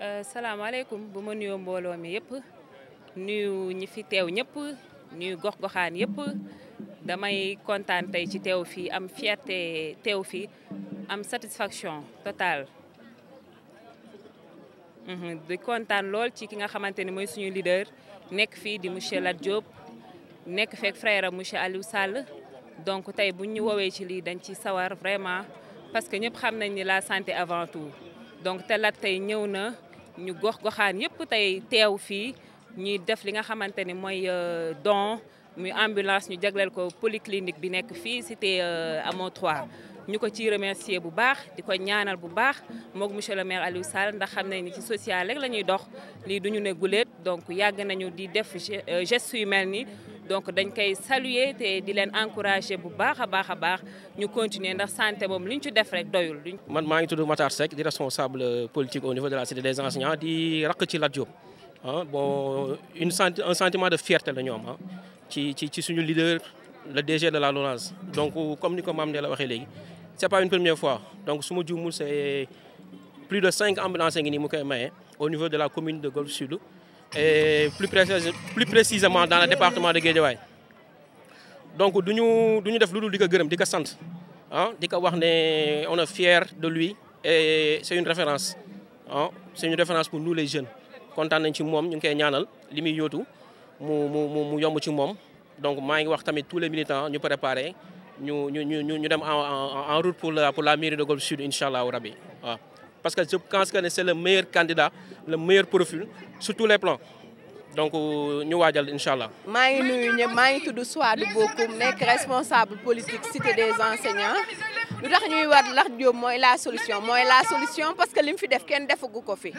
Euh, salaamaaleykum bu ma nuyoo mbooloo mi yëpp nuyu ñi fi teew ñëpp nuyu gox-goxaan yëpp damay kontaan tey ci teew fii am fierté teew fii am satisfaction totale. Mhm, di kontaan lool ci ki nga xamante ni mooy suñu leader nekk fii di monsieur Lat Diop nekk fekk frère am monsieur Aliou Sall donc tey buñ ñu woowee ci lii dañ ci sawar vraiment parce que ñëpp xam nañ ni laa santé avant tout donc te Lat tey ñëw na. ñu gox goxaan yëpp tey teew fii ñuy def li nga xamante ni mooy euh, don muy ambulance ñu jagleel ko polyclinique bi nekk fii cité Hamo euh, 3 ñu ko ciy remercier bu baax di ko ñaanal bu baax moog monsieur le maire Aliou Sall ndax xam nañ ni ci social rek la ñuy dox lii duñu ne guléet donc yàgg nañu di def euh, geste yu mel ni donc dañ koy saluer te di leen encourager bu baax a baax a baax ñu continuer ndax santé moom li ñu ci def rek doyul. man maa ngi tudd Matar Seck di responsable politique au niveau de la cité des enseignants di rakk ci Lat Diop ah bon une senti un sentiment de fierté la ñoom ah ci ci ci suñu leader le DG de la LONASE donc comme ni ko maam ne la waxee léegi c'est pas une première fois donc su ma juumul c'est plus de cinq ambulances ngi nii mu koy maye au niveau de la commune de Golf Sud. et plus plus précisément dans le département de Guédiawaye donc du ñu du ñu def lu dul di ko gërëm di ko sant ah di ko wax ne on est fier de lui et c'est une référence ah c'est une référence pour nous les jeunes kontaan nañ ci moom ñu ngi koy ñaanal li muy yootu mu mu mu yomb ci moom donc maa ngi wax tamit tous les militants ñu préparer ñu ñu ñu ñu dem en en route pour la pour la mairie de Golf Sud incha allahu rabi waaw. parce que je pense que c'est le meilleur candidat le meilleur profil sur tous les plans donc euh, ñu waajal incha allah. maa ngi nuyu maa ngi tudd Souadou Bokoum nekk responsable politique cité des enseignants lu tax ñuy war Lat Diop mooy la solution mooy la solution parce que li mu fi def kenn defagu ko fi.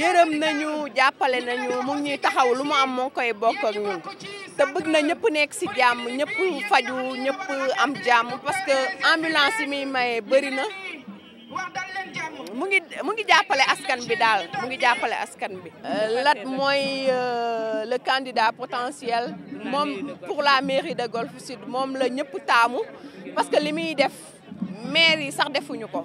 yërëm nañu jàppale nañu mu ngi ñuy taxaw lu mu am moo koy bokk ak ñun te bëgg na ñëpp nekk si jàmm ñëpp faju ñëpp am jàmm parce que ambulance yi muy maye bëri na. mu ngi mu ngi jàppale askan bi daal mu ngi jàppale askan bi. Euh, Lat mooy euh, le candidat potentiel moom pour la mairie de Golf Sud moom la ñëpp taamu parce que li muy def maire yi sax defuñu ko.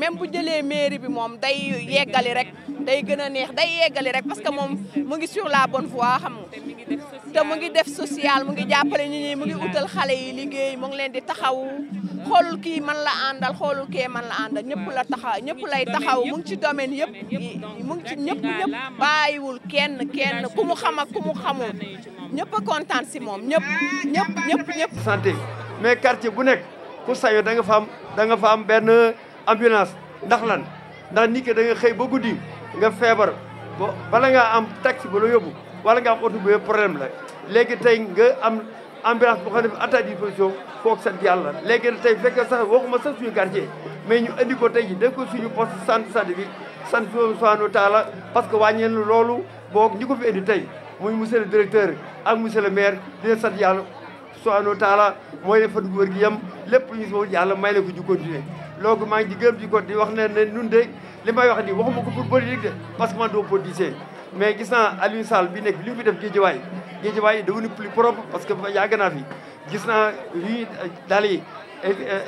même bu jëlee mairie bi moom day yeggali rek day gën a neex day yeggali rek parce que moom mu ngi sur la bonne voie xam nga te mu ngi def social mu ngi jàppale nit ñi mu ngi utal xale yi liggéey mu ngi leen di taxawu. xoolul kii man la àndal xoolul kii man la àndal ñëpp la taxaw ñëpp lay taxaw mu ngi ci domaine yëpp mu ngi ci ñëpp ñëpp kenn kenn ku mu xam ak ku mu xamul ñëpp a kontaan si moom ñëpp ñëpp ñëpp ñëpp santé mais quartier bu nekk ku sayo danga nga fa am da fa am benn ambulance ndax lan ndax nit ki da xëy ba guddi nga feebar bala ngaa am taxi ba la yóbbu wala nga am oto bu problème la léegi tey nga am ambiance boo xam ne à ta disposition kooku sant yàlla léegi nag tey fekkee sax waxuma sax suñu gardien mais ñu indi ko tey ji def ko suñu poste sant sant bi sant subhanahu wa taala parce que wàññeen loolu boo ñi ko fi indi tey muy monsieur le directeur ak monsieur le maire di leen sant yàlla subhanahu wa taala mooy le fan wër gi yem lépp ñu si yàlla may la ko ñu continuer loolu maa ngi di gërëm di ko di wax ne ne nun de li may wax nii waxuma ko pour politique de parce que man doo politicien mais gis naa Aliou Sall bi nekk li mu fi def géejawaay Guédiawaye est devenu plus propre parce que yàgg naa fi gis naa ñuy daal yi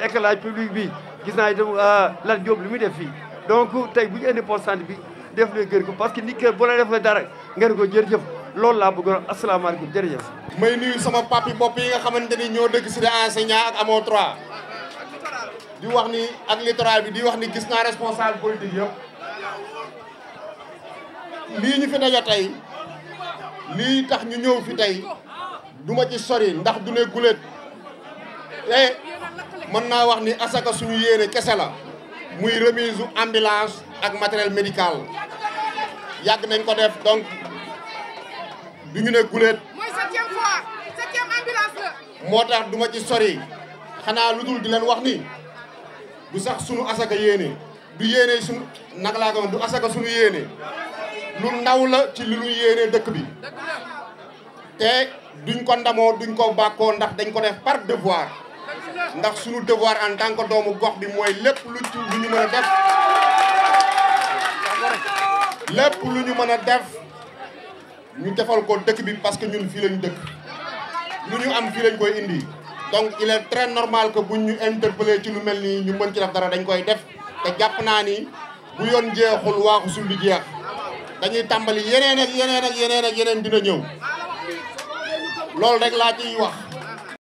éclairage public bi gis naa itam euh, Lat Diop lu muy def fii donc tey bu ñu indi poste santé bi def na gër ko parce que nit ki def la defee dara ngeen ko jërëjëf lool laa bëggoon jër jërëjëf. may nuyu sama papi bopp yi nga xamante ni ñoo dëkk cité enseignant ak amoo 3 di wax ni ak littoral bi di wax ni gis naa responsable politique yëpp lii ñu fi daje tey. lii tax ñu ñëw fi tey du ma ci sori ndax du ne guléet te mën naa wax ni asaka suñu yéene kese la muy remise u ambulance ak matériel médical yàgg nañ ko def donc du ñu ne guléet moo tax duma ci sori xanaa lu dul di leen wax ni du sax suñu asaka yéene du yéene suñu naka laa ko du asaka suñu yéene lu ndaw la ci lu ñu yéene dëkk bi te duñ ko ndamoo duñ ko bàkkoo ndax dañ ko def par devoir ndax suñu devoir en tant que doomu gox bi mooy lépp lu ci lu ñu mën a def lépp lu ñu mën a def ñu defal ko dëkk bi parce que ñun fii lañ dëkk lu ñu am fii lañ koy indi donc il est très normal que bu ñu interpellé ci lu mel nii ñu mën ci def dara dañ koy def te jàpp naa ni bu yoon jeexul waaxu suul di dañuy tàmbali yeneen ak yeneen ak yeneen ak yeneen dina ñëw loolu rek laa ciy wax